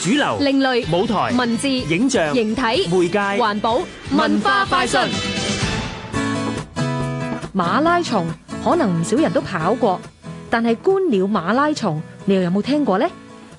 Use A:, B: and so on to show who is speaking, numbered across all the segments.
A: 主流、另類舞台、文字、影像、形體、媒介、環保、文化快訊。馬拉松可能唔少人都跑過，但係觀鳥馬拉松，你又有冇聽過呢？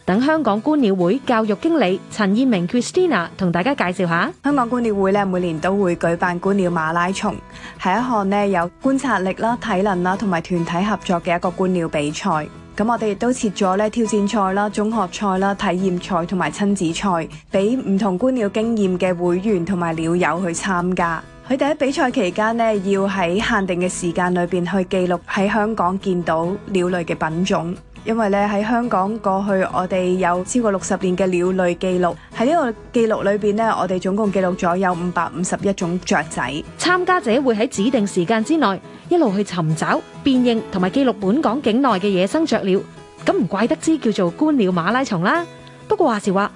A: 等香港
B: 觀鳥會教育經理陳燕明 Christina 同大家介紹下，香港觀鳥會咧每年都會舉辦觀鳥馬拉松，係一項咧有觀察力啦、體能啦同埋團體合作嘅一個觀鳥比賽。咁我哋亦都設咗咧挑戰賽啦、中學賽啦、體驗賽同埋親子賽，俾唔同觀鳥經驗嘅會員同埋鳥友去參加。佢哋喺比賽期間咧要喺限定嘅時間裏邊去記錄喺香港見到鳥類嘅品種。因為咧喺香港過去我哋有超過六十年嘅鳥類記錄，喺呢個記錄裏邊咧，我哋總共記錄咗有五百五十一種雀仔。參加者會喺指定時間之內一路去尋找、辨認
A: 同埋記錄本港境內嘅野生雀鳥，咁唔怪得之叫做觀鳥馬拉松啦。
B: 不過話時話。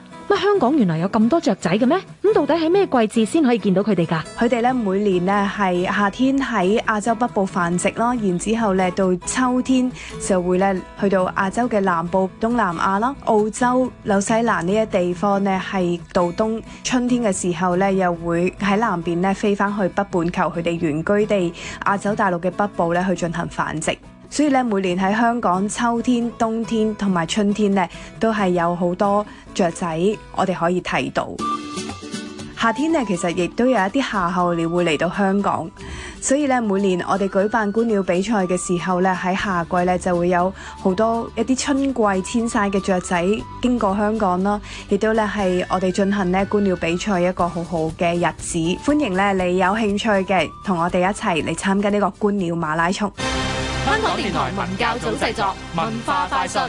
B: 香港原來有咁多雀仔嘅咩？咁到底喺咩季節先可以見到佢哋㗎？佢哋咧每年咧係夏天喺亞洲北部繁殖咯，然之後咧到秋天就會咧去到亞洲嘅南部、東南亞啦、澳洲、紐西蘭呢一地方呢啲地方咧係度冬。春天嘅時候咧又會喺南邊咧飛返去北半球佢哋原居地亞洲大陸嘅北部咧去進行繁殖。所以咧，每年喺香港秋天、冬天同埋春天咧，都係有好多雀仔我哋可以睇到。夏天咧，其實亦都有一啲夏候鳥會嚟到香港。所以咧，每年我哋舉辦觀鳥比賽嘅時候咧，喺夏季咧就會有好多一啲春季遷徙嘅雀仔經過香港啦。亦都咧係我哋進行咧觀鳥比賽一個好好嘅日子。歡迎咧，你有興趣嘅同我哋一齊嚟參加呢個觀鳥馬拉松。
A: 香港電台文教組製作《文化快訊》。